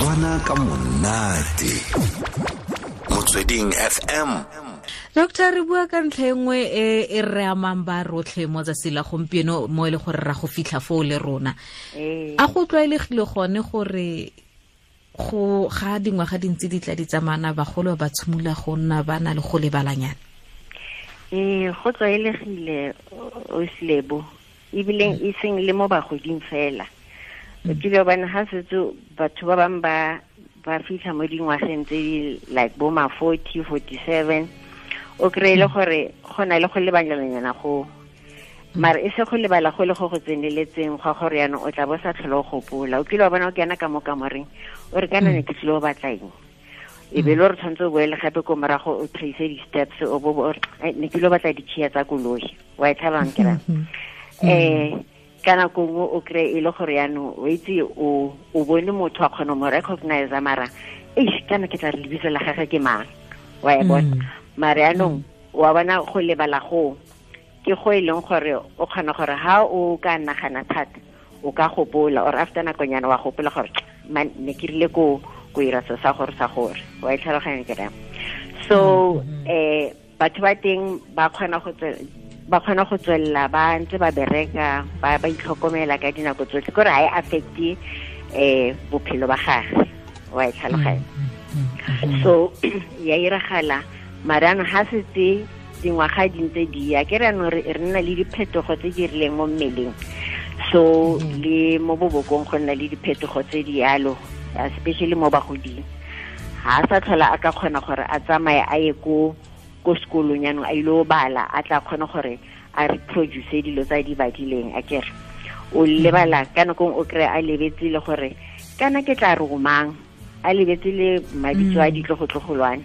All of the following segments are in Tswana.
setswana ka monate motsweding fm doctor re bua ka ntlha engwe e e re amang ba rotlhe mo tsatsi la gompieno mo e le gore ra go fitlha foo le rona ee. a go tlwaelegile gone gore go ga dingwaga dintsi di tla di tsamayana bagolo ba tshimolola go nna ba na le go lebalanyana ee go tlwaelegile o slebo ebile e seng le mo bagoding fela Ke ke mm. bana ha se tso ba tswa ba ba fitla mo dingwa sentse di like bo ma 40 47 o kreile mm. gore gona le go le go mm. mari e se go lebala go le go go tseneletseng gwa gore yana o tla bo sa tlhola go pula o kile wa bana o ke yana ka moka moring o re kana ne ke tlo ba tla e be le re tsontse go ele gape ko mara go trace di steps o bo ne ke lo ba tla di tshea tsa koloshi wa e tla bang ke ra mm-hmm. eh kana ko o kre e le gore yana o itse o o bone motho a khona mo recognize mara eish kana ke tla libisa la gagwe ke mang wa e bona mara yana wa bana go lebala go ke go eleng gore o kgona gore ha o ka nagana thata o ka gopola or after nako nyana wa gopola gore man ne ke rile ko go ira se sa gore sa gore wa e tlhaloganya ke re so eh batho ba teng ba khona go ba khona go tswella ba ntse ba bereka ba ba itlhokomela ka dinako tsotlhe kore ga e affecte um bophelo ba gage wa e tlhaloganya so ya iragala marano ha setse dingwaga di ntse di ya ke re anong re nna le diphetogo tse di rileng mo mmeleng so le mo bobokong go nna le diphetogo tse di yalo especially mo bagoding ga a sa tlhola a ka kgona gore a tsamaye a ye ko ko sekolong yanong a ile o bala a tla kgone gore a reproduce dilo tsa di badileng a kere o lebala ka nakong e o kry-e a lebetse le gore kana ke tla romang a lebetse le mabitso a mm. ditlogotlogolwane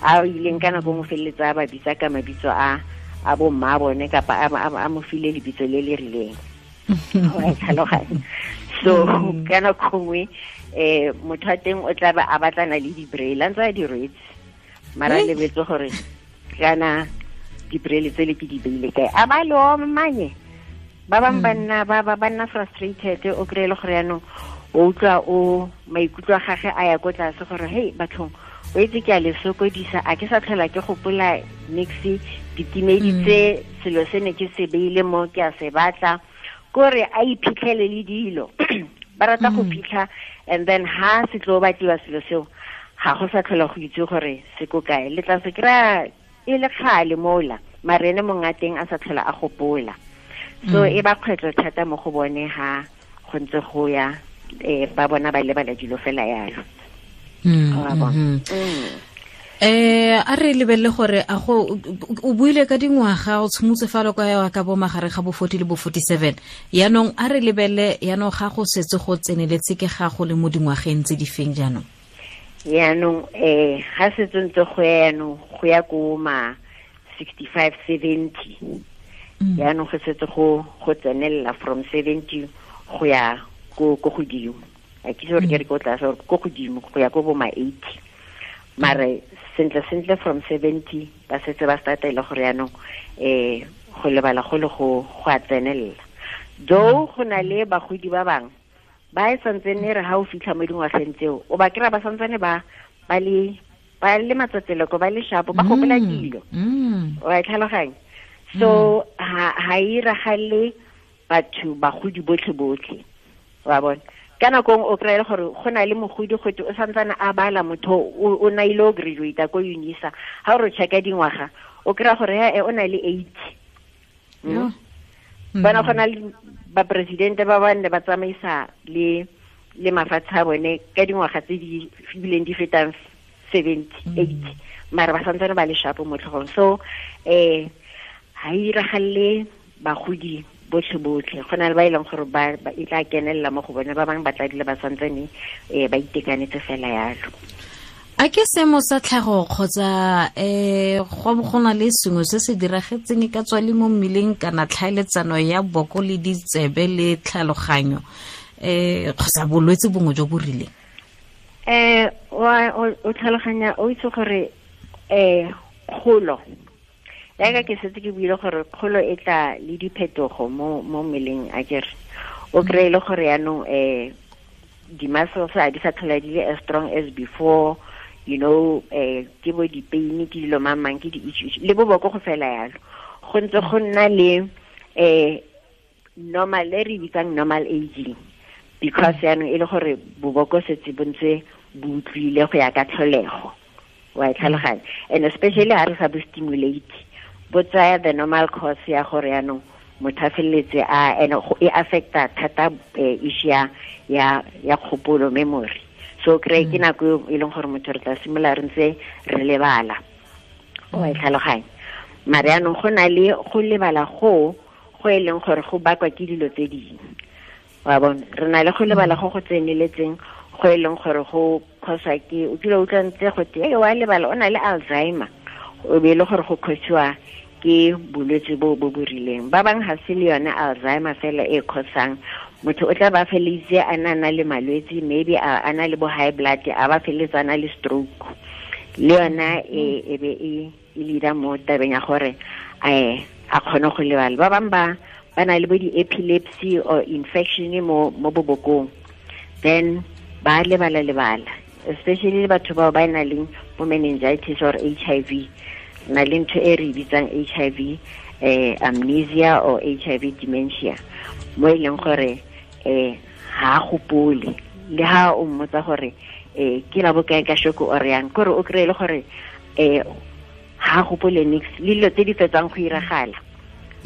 a ileng ka nakong e o feleletsa a babitsa ka mabitso a a bo mma bone kapa a mo file lebitso le le rileng tlhaloganya so mm. ka nakongwe e um eh, motho a teng o tlabe a batlana le di-braila ntse a di-rets mara a eh? lebetse gore kana dibrele tsele ke di beile kae a ba lo manye ba bang hmm. ba nna ba nna frustrated o kry-e le gore yaanong o utlwa o maikutlo a gage a ya ko tlase gore hei bathong o etse ke a le sokodisa a ke sa tlhola ke gopola nix dikimedi hmm. tse selo se ne ke se beile mo ke a se batla kore a iphitlhele le dilo ba rata go hmm. fitlha and then ha se tlo batliwa selo seo ga go sa tlhola go itse gore se ko kae le tla se kry-a e le kgale mola mare ene monga teng a sa tlhola a gopola so mm. e ba kgwetlo thata mo go bone ha go ntse go ya um ba bona ba lebala dilo fela yalo mm, mm, eh a re lebelle gore a go o buile ka dingwaga o tshimotse falo ka ya ka bo magare ga bo 40 le bo 47 yaanong a re lebelle yaanong ga go setse go tseneletse ke ga go le mo dingwageng tse di feng jaanong y a n o e 七十度火 iano，火 o 過 a s i x t y five s e v e n t y h a n o 七 t 度火火油 l a f r o m seventy，go 油過 cook the oil。誒，其實我 t 覺得，如果 cook the o k l 火油過馬 eight，m a r e n t l e s e n t l e from seventy，t 係 e 係，我哋睇落去 iano，lebala le tsenelela h go go go o a 誒，火油 o na le b a 油 o d i 好難 b a 火油倒翻。ba e santsene re ha o fitlha mo dingwageng tseo o ba kry-a ba santsene ba ba le ba le matsatseleko ba le shapo ba gopola mm, dilo mm. wa e tlhaloganya so mm. ha e iragale batho bagodi botlhe-botlhe wa bone ka nakong e o kry-ele gore go na le mogodi gote o santsane a bala motho o na ile o graduata ko unisa ha o re check-a dingwaga o kry-a gore e o na le eighty bona go na le ba presidente ba ba ne ba tsamaisa le le mafatshe a bone ka dingwaga tse di bileng di fetang seventy eight mm. mare ba santsane ba le shapo mo tlhogong so um eh, ga e iragalele bagodi botlhe botlhe go na le ba e leng gore e tla kenelela mo go bone ba bangwe ba tla dile ba Santsane um ba itekanetse fela yalo a ke seemo sa tlhago kgotsa um go bo go na le sengwe se se diragetseng ka tswale mo mmeleng kana tlhaeletsano ya boko le ditsebe le tlhaloganyo um kgotsa bolwetse bongwe jo bo rileng um o tlhaloganya o itse gore um kgolo yaka ke setse ke buile gore kgolo e tla le diphetogo mo mo mmeleng a kere o kry-e le gore yaanong um di-muscles a di sa tlhola di le as strong as before you know eh ke bo di pain ke dilo mamang ke di issues le bo boko go fela yalo go ntse go nna le eh normal le re bitsang normal aging because mm. yaanong e le gore boboko setse bontse bo go ya ka tlholego wa tlhaloganya mm. and especially ha re sa bo stimulate bo tsaya the normal course ya gore yaanong motho a feleletse a and e affecta thata eh, issue ya kgopolo memory so kry ke mm. nako e leng gore motho re tla simolola re ntse re lebala o mm. e tlhaloganya mare yanong go na le go lebala go go e leng gore go bakwa ke dilo tse dingwe wa bone re na le go mm. lebala go go tseneletseng go e leng gore go causa ke o dula utlwa ntse go te wa lebala o na le alzheimer o be e le gore go causiwa ke bolwetse bo bo borileng ba bang ha se le yona alzheimer fela e khosang motho o tla ba feletse a na na le malwetse maybe a ana le bo high blood a ba feletse a na le stroke le yona e e be e e lida mo tabeng ya gore eh a khone go lebala ba bang ba ba na le bo di-epilepsy or infection mo mo bobokong then ba lebala lebala especially batho bao ba e nang leng bo meningitis or h i v na le ntho e re bitsang HIV eh amnesia or HIV dementia mo e leng gore eh ha gopole le ha o mmotsa gore eh ke la bokae ka shoko o re yang gore o kreile gore eh ha gopole nix le lo tedi fetsang go iragala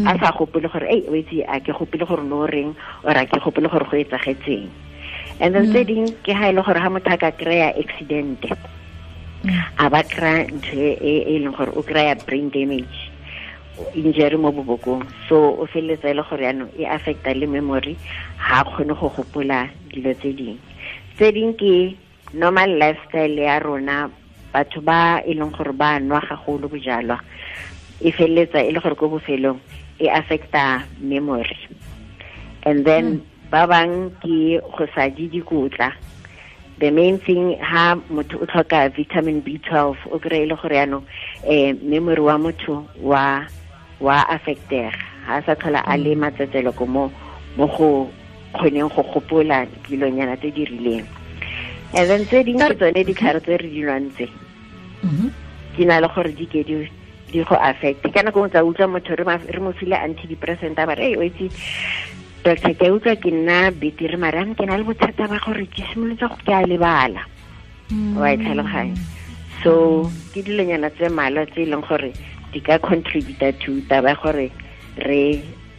a sa gopole gore ei o itse a ke gopole gore no reng o ra ke gopole gore go etsagetseng and then mm. tse ke ha ile gore ha motho a ka kry-a accident Mm. a ba kry-a ntho e, e, e leng gore o kry-a brain damage injury mo bobokong so o feleletsa e le gore yaanong e affecta le memory ha kgone go gopola dilo tse dingwe tse dingwe ke normal lifestyle ya rona batho ba e leng gore ba nwa gagolo bojalwa e feleletsa e le gore ko bofelong e affecta memory and then mm. ba bang ke go sa di dikotla the main thing ha motho o tlhoka vitamin b12 o kry-e le gore yaanong um memory wa motho wa wa affectega ga sa tlhola a le mm. matsetseleko ko mo mo go kgoneng go gopola dilonyana tse di rileng and then tse dingwe ke tsone ditlhare tse re dinwang tse mm-hmm. di na le gore di di go affect ka nako tsa utlwa motho re mo file antidepressant a ba e o itse doctor ke utlwa ke nna betiri maram ke na le bothata ba gore ke simolotse go ke a lebala mm. wa e tlhaloganya so ke dilenyana tse mmalwa tse e leng gore di ka contributa to taba gore re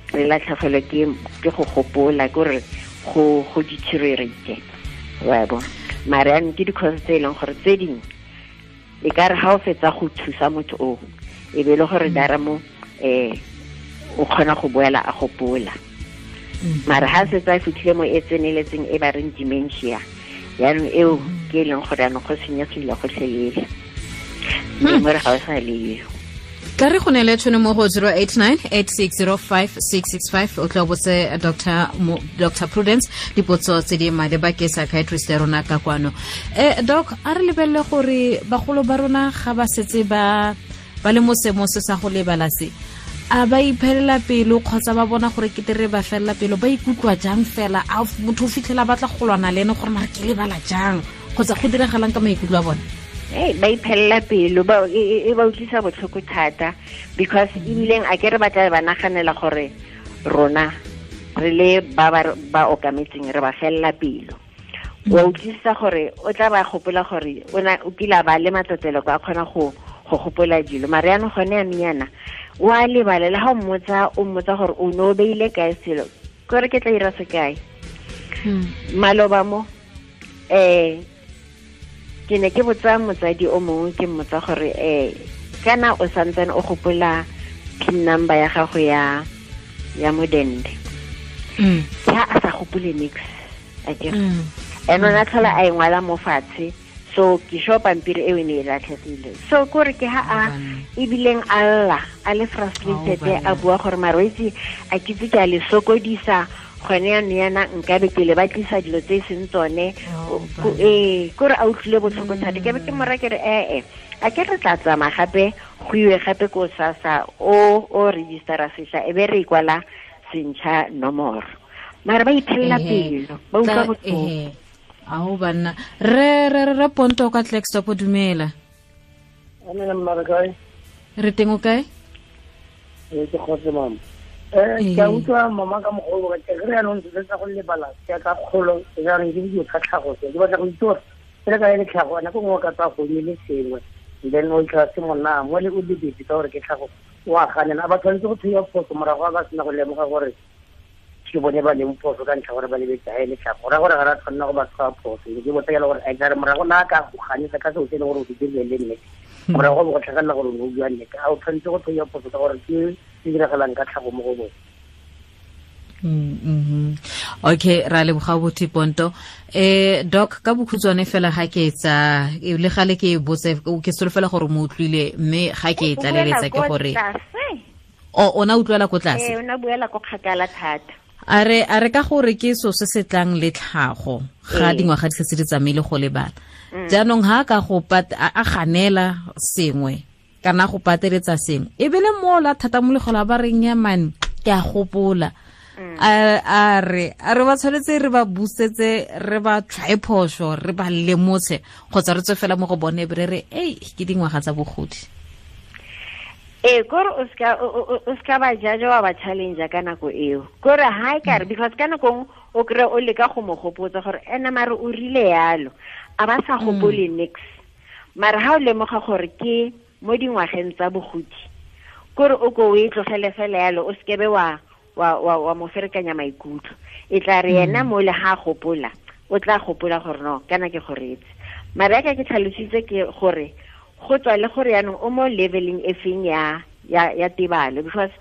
re latlhegelwe ke ke go gopola ke gore go go deteriorate wa e bo mara ke di-cause tse e leng gore tse dingwe e ka re ga o fetsa go thusa motho oo e be e le gore dara mm. mo um eh, o kgona go boela a gopola Mhm. mara ha setse a fitlhile mo e tseneletseng e ba reng dementia yaanong eo mhm. ke e leng gore anong go senyegile gotlhelele hmm. mmengwere ga o sa leo ka re go ne le mo go zero eight six five o tla botse eh, dr dr prudence dipotso tse di maleba ke psychiatrist ya rona ka kwano eh doc a re lebelele gore bagolo ba rona ga ba setse ba ba le mo seemo se sa go lebala se a ba iphelela pelo kgotsa ba bona gore ke tere ba felela pelo ba ikutlwa jang fela a motho o fitlhela batla go lwana le ene gore mara ke lebala jang kgotsa go diragalang ka maikutlo a bone e ba iphelela pelo e, e, e ba utlwisa botlhoko thata because mm. ebileng a ke re batla ba naganela gore rona re le ba ba okametseng re ba felela pelo wa mm. utlwisisa gore o tla ba gopola gore o kile ba le matlotelo ko a kgona go go gopola dilo mare yanong gone yanong wa lebalela ga o mmotsa o mmotsa gore o ne o beile kae selo kore ke tla dira se kae hmm. maloba mo um ke ne ke botsa motsadi o mongwe ke mmotsa gore um eh, kana o santsene o gopola pin number ya gago ya ya modende mm. a sa gopole nix a ke mm. ene o a tlhola a engwala mo fatshe so ke shopa pampiri eo e ne e latlhegile so kore ke ha a ebileng a lla a le frustrated a bua gore marwetsi a kitse ke a le sokodisa gone yanong yana nkabe ke le batlisa dilo tse e seng tsone ee kore a utlwile botlhoko thata ke be ke mora kere ee, ee a ke re tla tsamaya gape go iwe gape ko sasa o o registera setlha e be re e kwala sentšha nomoro maare ba iphelela pelo ba utlwa botlhoko ao banna re re re ponto ka tlakstop tlextop dumela re teng o kae ee, ke kgotse mama ee, ke a ee. utlwa mama ka mogolo ka kere yaanong setsetsa go lebala ka kgolo jaanong ke bdio ka tlhagoso ke batla go itse gore e ka ya e letlhago nako e ngwe o ka tsaya founu le sengwe then o itlha se mona mo le o lebetse ka gore ke tlhago o aganela a ba tshwanetse go thuya phoso morago a ba sena go lemoga gore ke bone ba leng phoso ka ntlha gore ba lebetse a ele tlhago ra gore ga ra tshwanela go ba tshwara phoso ke botsa ke fela gore ekare eh, morago na ka go ganisa ka seo se e leng gore o se dirile le nnete hmm. morago go bo go tlhagelela gore o bua nnete ga o tshwanetse go thoya phoso ka gore ke se diragalang ka tlhago mo go bone Mm -hmm. okay ra leboga bothe ponto eh doc ka bokhutswane fela ga ke etsa e le gale ke botse ke solofela gore mo utlwile mme ga ke e tlaleletsa ke gore oh, o ona utlwela ko tlase eh, ona buela ko kgakala thata are are ka gore ke so se setlang le tlhago ga mm. dingwaga di se di tsamaile go lebala mm. jaanong ha ka go a ganela sengwe kana go pateletsa sengwe e bele mola thata molegolo ba reng ya mane ke a gopola mm. a re a re ba tshwanetse re ba busetse re ba tlhae phoso re ba lemotse kgotsa re tswe fela mo go bone e bere re ei ke dingwaga tsa bogodi ee eh, kore o seka ba jaja wa ba challengea ka nako eo kore ga e kare mm. because ka nako e ngwe o kry-e o leka go mo gopotsa gore ena mare o rile yalo a ba sa gopole mm. nix mare ga o lemoga gore ke mo dingwageng tsa bogodi kore o ko o e tlogele fela yalo o sekebe wa wa wa wa mo ferekanya maikutlo e tla re yena mm. mo le ga gopola o tla gopola gore no kana ke goretse mare ya ka ke tlhalositse ke gore go tswa le gore yaanong o mo leveling e feng ya ya ya tebalo because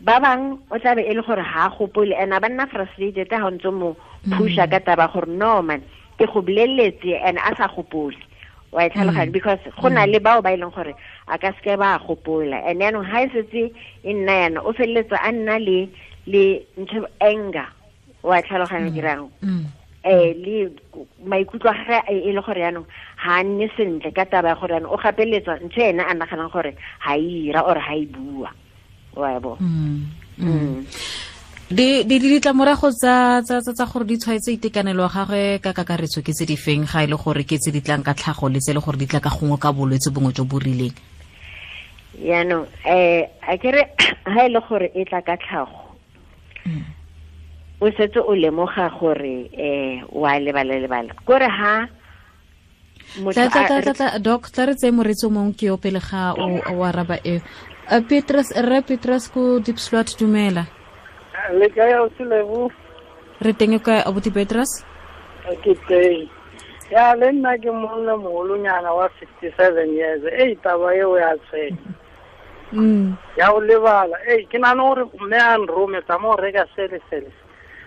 ba bang o tla be e le gore ha go pole ena ba nna frustrated ha ntse mo pusha ka taba gore no man ke go boleletse and a sa go pole wa e because go na le bao ba ileng gore a ka seke ba go gopola and then ha se tse in nine o feletse a nna le le ntse anger wa e tlhaloganye kirang um le maikutlo a gage e le gore yaanong ga nne sentle ka taba ya gore yaanong o gapeletswa ntho ene a naganang gore ga e ira or ga e bua wabo e mm, mm. mm. di di ditlamorago tsa tsa tsa gore di tshwaetse itekanelo gagwe ka kakaretso ke tse di feng ga e le gore ke tse di tlang ka tlhago le tse e le gore di tla ka gongwe ka bolwetse bongwe jo bo rileng yaanong um a kere ga e le gore e tla ka tlhago o setse o lemoga gore eh wa lebala lebala kore ha doc tla re tseye moretsi mongwe ke yo pele ga o araba eo eh, petrus rre petrus ko dipslot dumela eh, le kae o selebo re teng ka abuti petrus eh, ke teng ya le nna ke monna mogolonyana wa sixty seven years e taba eo ya tshwenya mm. ya o lebala e ke nane gore mme a nrometsa mo reka sele sele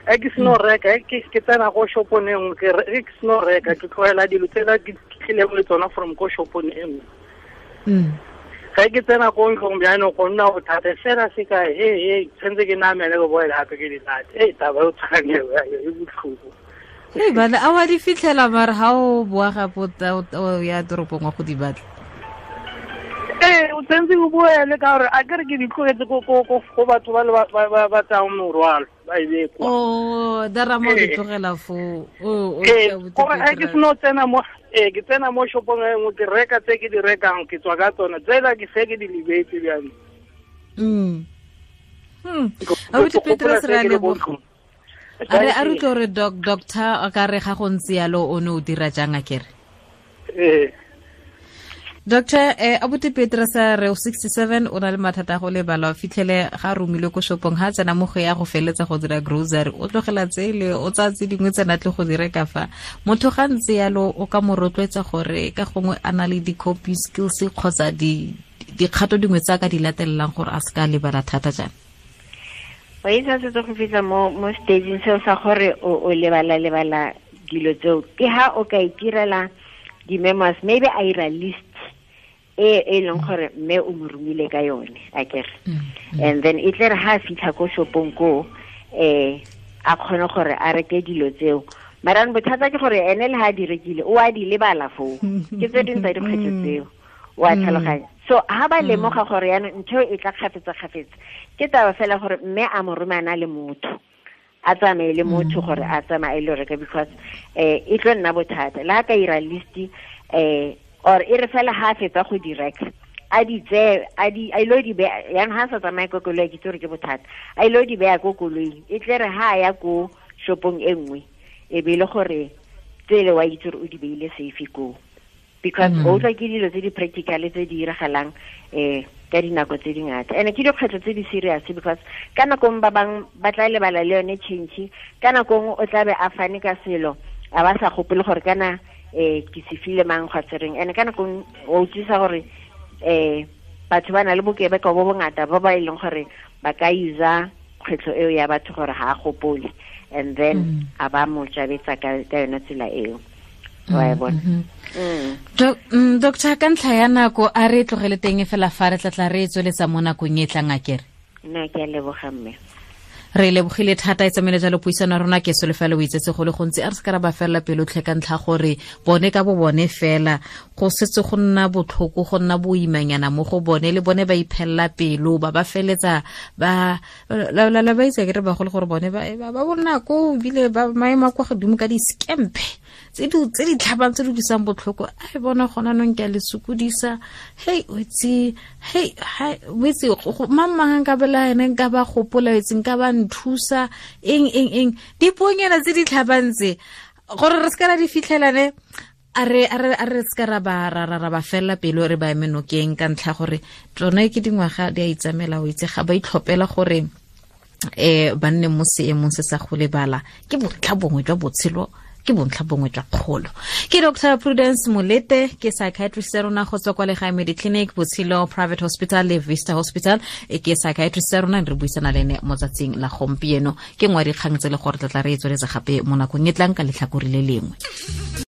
e ke seno reka ke tsena go shopong e nngwe e ke seno reka ke tlogela dilo tsena ke tlileng le tsona from ko shopong e nngwe ga mm. ke tsena ko ntlong bjano go nna thata fela se ka e e tshwanetse ke namele ke boele gape ke dinate e taba o tshwaneo e botlhoko e bana a wa di fitlhela mare ga o boa gape ya toropong wa go di batla ee o tshwanetse o boele ka gore a kere ke di tlogetse go batho ba le ba tsayang morwalo ba e bekwa o oh, darama o eh. di tlogela foo oh, oh, eh, gore ga ke seno tsena mo ee ke tsena mo shopong e nngwe ke reka tse ke di rekang ke tswa ka tsona tsela ke se ke di lebetse bjane mm abuti petros re a leboga are a re tlo re doctor ka re ga go ntse yalo o ne o dira jang a kere ee doctor eh, abuti petrus a eh, re o 67 o na le mathata go lebala o fitlhele ga romilwe ko shopong ga tsena mo go ya go feletsa go dira grocery o tlogela tsele o tsa tse dingwe tsena tle go dire ka fa motho ga ntse yalo o ka mo rotloetsa gore ka gongwe a na le di-copy skills kgotsa dikgato dingwe tsa ka di latelelang gore a se ka lebala thata jana o e sa setse go fitlha mo mo stageng seo sa gore o lebala lebala dilo tseo ke ha o ka itirela di-memories maybe a ira list e e leng gore mme o mo rumile ka yone a kere mm. and then e tle re ha a fitlha ko shopong koo um e, a kgone gore a reke dilo tseo maran bothata ke gore ene le ha di rekile o a di lebala foo mm. ke tse dingwe tsa dikgwetso mm. tseo wa tlhaloganya so ha ba lemoga gore yaanong ntho e tla kgafetsa-kgafetsa ke taba fela gore mme a mo romana le motho a tsamaye le motho gore a tsamaye le reka because um e tlo nna bothata le ha ka 'ira listi um e, or e re fela ha fetsa go di reka a di tseye a di a ilo di be yang ha sa tsamaye ko koloi ke tsore ke bothata a ilo di beya ko koloing e tle re ha ya ko shopong e nngwe e be e le gore tsele wa itsore o di beile safe ko because mm. o tla ke dilo tse di-practical tse di diragalang um ka dinako tse dingata and ke dikgwetlho tse di serious because ka nakong ba bang ba tla lebala le yone change ka nakong o tla be a fane ka selo a ba sa gopole gore kana eh ke se file mang tsereng ene ka nako o e utlwisa gore eh batho ba na le bokebeka bo bongata ba ba e leng gore ba ka isa kgwetlho eo ya batho gore ga a gopole and then mm. a ba mo jabetsa ka yona tsela eo wa e mm-hmm. bona mm. Mm, doctor ka ntlha ya nako a re e tlogele teng e fela fa re tla tla re e tsweletsa mo nakong e tlang akere nna ke a leboga mme re lebogile thata e tsamaile jalo puisano ya rona ke solofelo o itsetse go le gontsi a re se ka ra ba felela pelotlhe ka ntlha gore bone ka bo bone fela go setse go nna botlhoko go nna boimanyana mo go bone le bone ba iphelela pelo ba ba feletsa ba itse ke re bagolo gore bone ba bonako ebile ba maemo a kwa godimo ka di-scampe tse di tlhabang tse di disang botlhoko a e bona gona nong ke a le sokodisa hei wetse hei wetse mamang nka bela ene nka ba gopola wetse nka ba nthusa eng eng eng dipuonyana tse di tlhabang tse gore re se ka ra di fitlhelane a re se ka ra ba felela pelo e re ba eme nokeng ka ntlha gore tsone ke dingwaga di a itsamela o itse ga ba itlhophela gore um ba nne mo seemong se sa go lebala ke bontlha bongwe jwa botshelo ke bongwe jwa kgolo ke dr prudence molete ke psychiatrist ya rona go tswa kwa legae mediclinic botshelo private hospital le vista hospital e ke psychiatrist ya rona re buisana le ene mo tsatsing la gompieno ke ngwa dikgang tse le gore tla re e tsweletse gape mo nakong e tlang ka letlhakori le lengwe